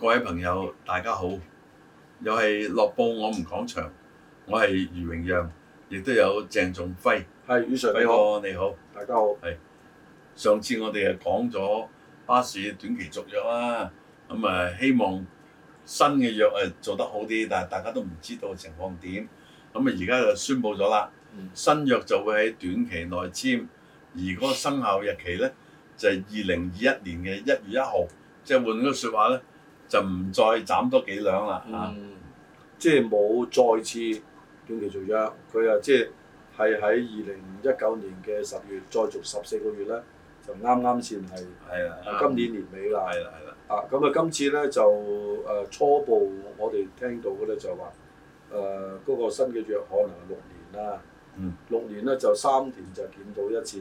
各位朋友，大家好！又係樂報我哋講場，我係余榮陽，亦都有鄭仲輝，係余 Sir 你好，你好，大家好。係上次我哋誒講咗巴士短期續約啦，咁啊希望新嘅約誒做得好啲，但係大家都唔知道情況點。咁啊而家就宣布咗啦，新約就會喺短期內簽，而嗰生效日期咧就係二零二一年嘅一月一號，即係換個説話咧。就唔再斬多幾兩啦嚇，嗯啊、即係冇再次短期續約，佢啊、嗯嗯、即係係喺二零一九年嘅十月、嗯、再續十四個月咧，就啱啱先係，啊今年年尾啦，係啦係啦，啊咁啊今次咧就誒、呃、初步我哋聽到嘅咧就話誒嗰個新嘅約可能係六年啦，嗯、六年咧就三年就見到一次，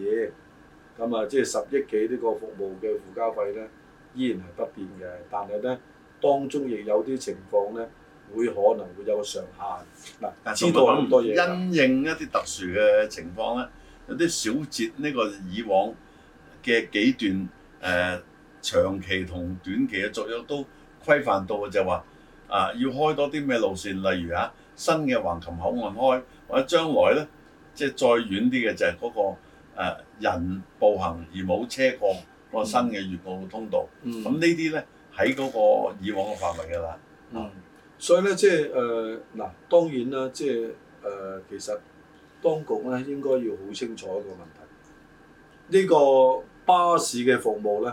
咁、嗯、啊即係十億幾呢個服務嘅附加費咧依然係不變嘅，但係咧。當中亦有啲情況咧，會可能會有上限。嗱，知道咁不多嘢，因應一啲特殊嘅情況咧，有啲小節呢、呢個以往嘅幾段誒、呃、長期同短期嘅續約都規範到嘅，就話啊要開多啲咩路線，例如啊新嘅橫琴口岸開，或者將來咧即係再遠啲嘅就係嗰、嗰個、呃、人步行而冇車過個新嘅粵澳通道。咁、嗯嗯、呢啲咧。喺嗰個以往嘅範圍㗎啦，嗯，所以咧即係誒嗱，當然啦、就是，即係誒其實當局咧應該要好清楚一個問題，呢、呢個巴士嘅服務咧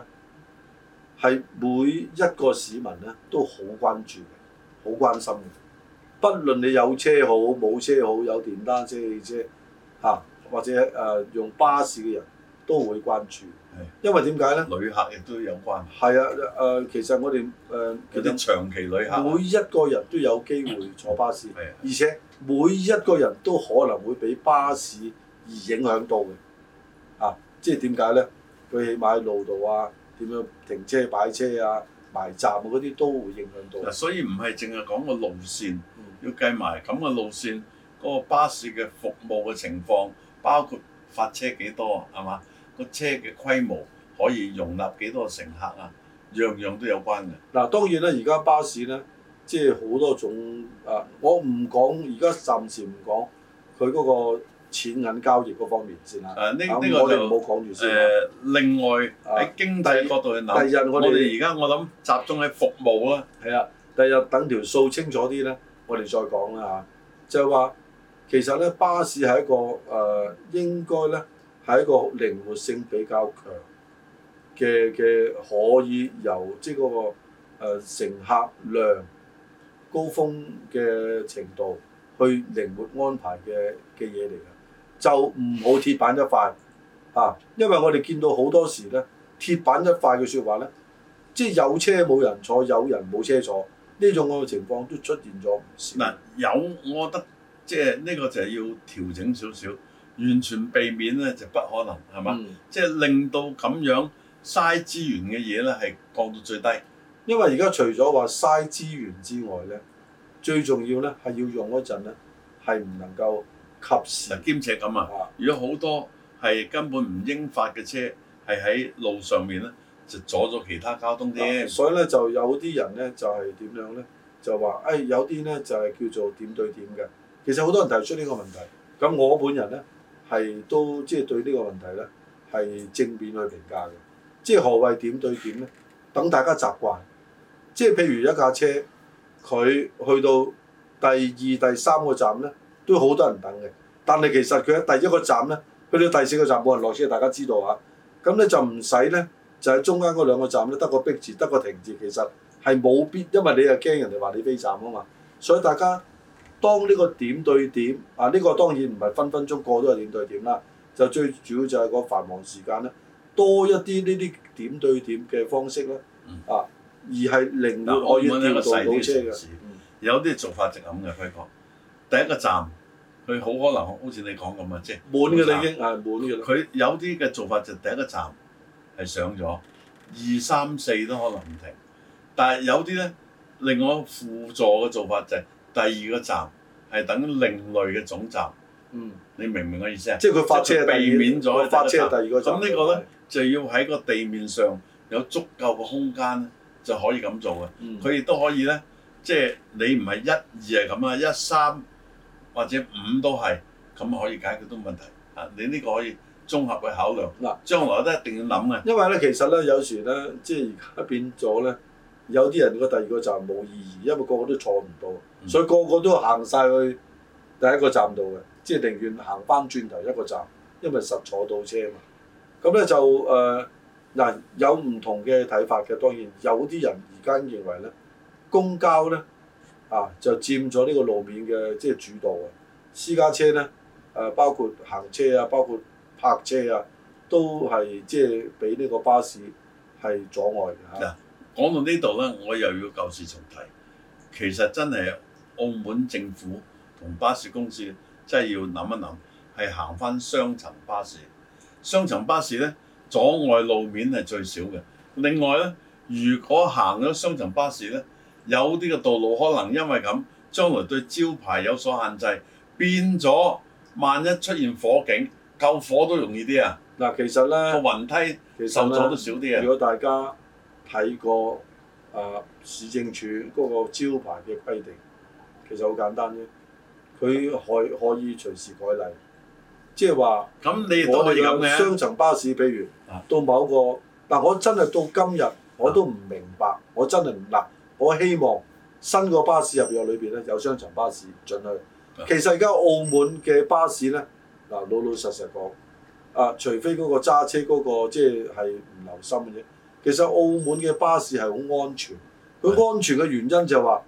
係每一個市民咧都好關注嘅，好關心嘅，不論你有車好冇車好，有電單車汽車嚇、啊，或者誒、呃、用巴士嘅人。都會關注，因為點解咧？旅客亦都有關係。係啊，誒、呃，其實我哋誒啲長期旅客，每一個人都有機會坐巴士，嗯啊、而且每一個人都可能會俾巴士而影響到嘅。啊，即係點解咧？佢起碼喺路度啊，點樣停車擺車啊、埋站嗰、啊、啲都會影響到。所以唔係淨係講個路線，嗯、要計埋咁嘅路線嗰、嗰個巴士嘅服務嘅情況，包括發車幾多啊，係嘛？個車嘅規模可以容納幾多個乘客啊？樣樣都有關嘅。嗱，當然啦，而家巴士咧，即係好多種啊、呃。我唔講，而家暫時唔講佢嗰個錢銀交易嗰方面先啦。誒、啊，呢、這、呢個我哋唔好講住先誒，另外喺、啊、經濟角度去諗。第二日我哋而家我諗集中喺服務啦。係啊，第二日等條數清楚啲咧，我哋再講啦嚇、啊。就係話其實咧，巴士係一個誒、呃，應該咧。係一個靈活性比較強嘅嘅，可以由即係、那、嗰個、呃、乘客量高峰嘅程度去靈活安排嘅嘅嘢嚟嘅，就唔好鐵板一塊嚇、啊，因為我哋見到好多時咧，鐵板一塊嘅説話咧，即係有車冇人坐，有人冇車坐呢種嘅情況都出現咗。嗱，有我覺得即係呢、這個就係要調整少少。完全避免咧就不可能係嘛？嗯、即係令到咁樣嘥資源嘅嘢咧係降到最低。因為而家除咗話嘥資源之外咧，最重要咧係要用嗰陣咧係唔能夠及時兼且咁啊！如果好多係根本唔應發嘅車係喺路上面咧，就阻咗其他交通添、嗯。所以咧就有啲人咧就係點樣咧？就話、是、誒、哎、有啲咧就係、是、叫做點對點嘅。其實好多人提出呢個問題。咁我本人咧。係都即係、就是、對呢個問題呢，係正面去評價嘅，即係何謂點對點呢？等大家習慣，即係譬如一架車，佢去到第二、第三個站呢，都好多人等嘅。但係其實佢喺第一個站呢，去到第四個站冇人落車，大家知道啊。咁咧就唔使呢，就喺中間嗰兩個站呢，得個逼字，得個停字，其實係冇必，因為你又驚人哋話你飛站啊嘛。所以大家。當呢個點對點啊，呢、這個當然唔係分分鐘過都係點對點啦。就最主要就係個繁忙時間咧，多一啲呢啲點對點嘅方式咧、嗯、啊，而係令到我要令到到車嘅。嗯嗯、有啲做法直諗嘅佢講，第一個站佢好可能好似你講咁嘅啫，滿嘅啦已經，係滿嘅佢有啲嘅做法就第一個站係上咗二三四都可能唔停，但係有啲咧另外輔助嘅做法就係、是。第二個站係等另類嘅總站，嗯，你明唔明我意思啊？即係佢發車避免咗發車第二個站，咁呢個咧的就要喺個地面上有足夠嘅空間咧就可以咁做嘅。佢亦都可以咧，即、就、係、是、你唔係一二係咁啊，一三或者五都係咁可以解決到問題。啊，你呢個可以綜合去考量。嗱、啊，將來都一定要諗嘅。因為咧，其實咧，有時咧，即係而家變咗咧。有啲人覺得第二個站冇意義，因為個個都坐唔到，嗯、所以個個都行晒去第一個站度嘅，即係寧願行翻轉頭一個站，因為實坐到車嘛。咁咧就誒嗱、呃啊，有唔同嘅睇法嘅，當然有啲人而家認為咧，公交咧啊就佔咗呢個路面嘅即係主道啊，私家車咧誒、啊、包括行車啊，包括泊車啊，都係即係俾呢個巴士係阻礙嘅嚇。啊嗯。講到呢度呢，我又要舊事重提。其實真係澳門政府同巴士公司真係要諗一諗，係行翻雙層巴士。雙層巴士呢，阻礙路面係最少嘅。另外呢，如果行咗雙層巴士呢，有啲嘅道路可能因為咁，將來對招牌有所限制，變咗萬一出現火警，救火都容易啲啊！嗱，其實呢個雲梯受阻都少啲啊。如果大家睇過啊、呃，市政署嗰個招牌嘅規定，其實好簡單啫。佢可以可以隨時改例，即係話咁你我係有雙層巴士，嗯、比如到某一個，嗱、啊、我真係到今日我都唔明白，嗯、我真係唔嗱，我希望新個巴士入邊啊裏邊咧有雙層巴士進去。嗯、其實而家澳門嘅巴士咧，嗱、啊、老老實實講啊，除非嗰個揸車嗰個即係係唔留心嘅啫。其實澳門嘅巴士係好安全，佢是的 安全嘅原因就係、係、話，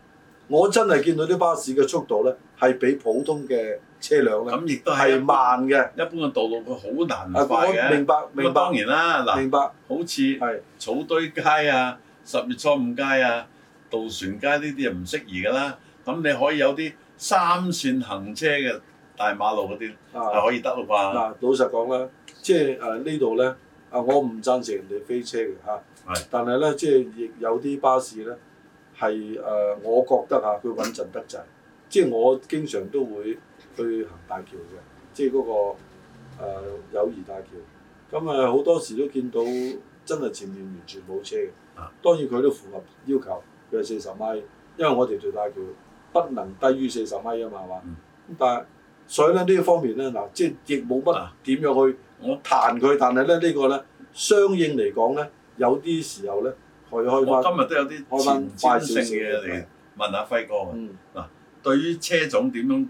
我真係見到啲巴士嘅速度咧，係比普通嘅車輛咧，係慢嘅。一般嘅道路佢好難快嘅。啊、明白，當然啦，明白。明白。好似草堆街啊、十月初五街啊、渡船街呢啲就唔適宜噶啦。咁你可以有啲三線行車嘅大馬路嗰啲，就可以得嘅啩。嗱、啊 right? 啊，老實講啦，即係誒呢度咧。呃啊！我唔贊成人哋飛車嘅嚇，的但係咧即係亦有啲巴士咧係誒，我覺得嚇佢穩陣得滯。即係我經常都會去行大橋嘅，即係嗰個誒友誼大橋。咁啊好多時都見到真係前面完全冇車嘅。當然佢都符合要求，佢係四十米，因為我哋條大橋不能低於四十米啊嘛，係嘛。咁、嗯、但係所以咧呢一方面咧嗱，即係亦冇乜點樣去。我彈佢，但係咧呢個咧相應嚟講咧，有啲時候咧去開我今日都有啲前瞻性嘅嚟嘅。點點你問下輝哥嗱、嗯啊，對於車種點樣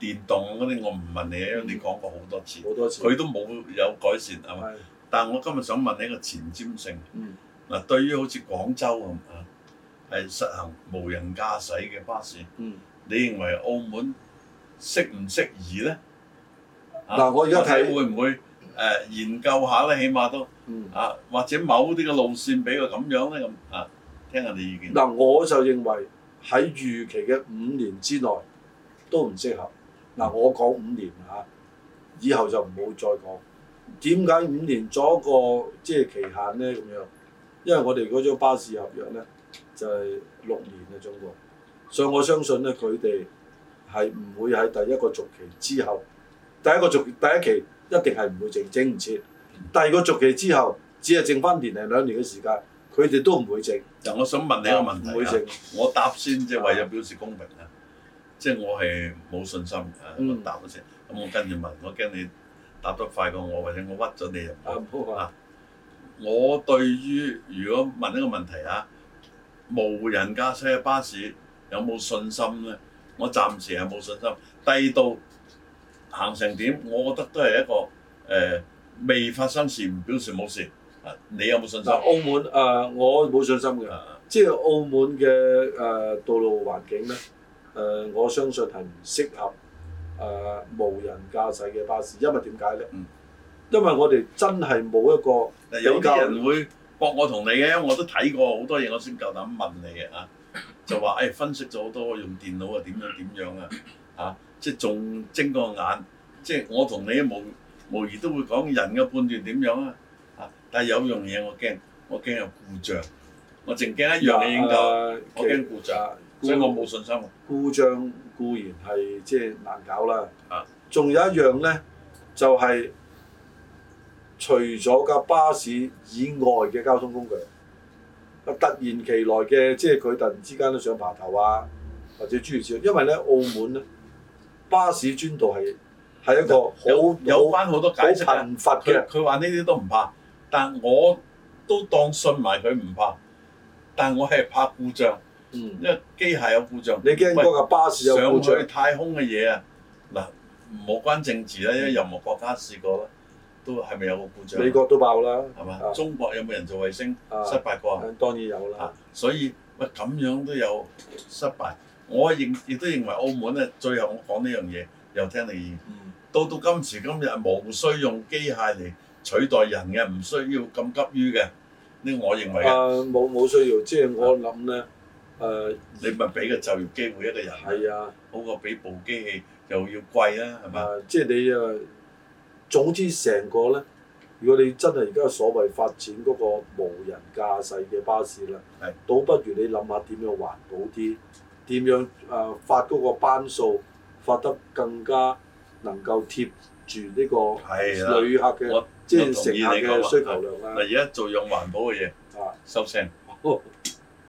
電動嗰啲，我唔問你，因為你講過好多次，好、嗯、多次，佢都冇有，有改善啊嘛。是但係我今日想問你一個前瞻性。嗱、嗯啊，對於好似廣州咁啊，係實行無人駕駛嘅巴士，嗯、你認為澳門適唔適宜咧？嗱、啊啊，我而家睇會唔會？誒研究下咧，起碼都、嗯、啊，或者某啲嘅路線俾佢咁樣咧咁啊，聽下你意見。嗱，我就認為喺預期嘅五年之內都唔適合。嗱，我講五年嚇，以後就唔好再講。點解五年咗個即係期限咧？咁樣，因為我哋嗰張巴士合約咧就係、是、六年嘅中國喎，所以我相信咧佢哋係唔會喺第一個續期之後，第一個續第一期。一定係唔會整整唔切，第二個續期之後只係剩翻年零兩年嘅時間，佢哋都唔會整。嗱、呃，我想問你一個問題，唔會整我先答先，即係 為咗表示公平啊， 即係我係冇信心啊，嗯、我答咗先。咁我跟住問，我驚你答得快過我，或者我屈咗你入去。嗱，我， 我對於如果問一個問題啊，無人駕車巴士有冇信心咧？我暫時係冇信心。第二度。行成點？我覺得都係一個誒、呃、未發生事，唔表示冇事啊！你有冇信心？澳門、呃、啊，我冇信心㗎，即係澳門嘅誒、呃、道路環境咧誒、呃，我相信係唔適合誒、呃、無人駕駛嘅巴士，因為點解咧？嗯因、呃，因為我哋真係冇一個有啲人會駁我同你嘅，因為我都睇過好多嘢，我先夠膽問你嘅嚇、啊，就話誒、哎呃、分析咗好多，用電腦啊點樣點樣啊嚇。即係仲精過眼，即係我同你無無疑都會講人嘅判斷點樣啊！啊，但係有樣嘢我驚，我驚有故障，我淨驚一樣嘢應到，啊、我驚故障，所以我冇信心。故障固然係即係難搞啦，啊，仲有一樣咧，就係、是、除咗架巴士以外嘅交通工具，突然其來嘅，即係佢突然之間都想爬頭啊，或者諸如此類，因為咧澳門咧。巴士專道係係一個有有翻好多解釋嘅，佢話呢啲都唔怕，但我都當信埋佢唔怕，但我係怕故障，因為機械有故障。嗯、故障你驚嗰個巴士上去太空嘅嘢啊？嗱，冇關政治啦，因為任何國家試過啦，都係咪有個故障？美國都爆啦，係嘛吧？啊、中國有冇人造衛星、啊、失敗過？當然有啦、啊。所以喂咁樣都有失敗。我認亦都認為澳門咧，最後我講呢樣嘢，又聽你意見。到到今時今日，無需用機械嚟取代人嘅，唔需要咁急於嘅。呢，我認為啊，冇冇需要。即係我諗咧，誒、啊，啊、你咪俾個就業機會一個人，係啊，好過俾部機器又要貴啦、啊，係嘛、啊？即係你啊，總之成個咧，如果你真係而家所謂發展嗰個無人駕駛嘅巴士啦，係的，倒不如你諗下點樣環保啲。點樣誒，發嗰個班數，發得更加能夠貼住呢個旅客嘅，的即係乘客嘅需求量啊！而家做用環保嘅嘢，收聲的。閉嘴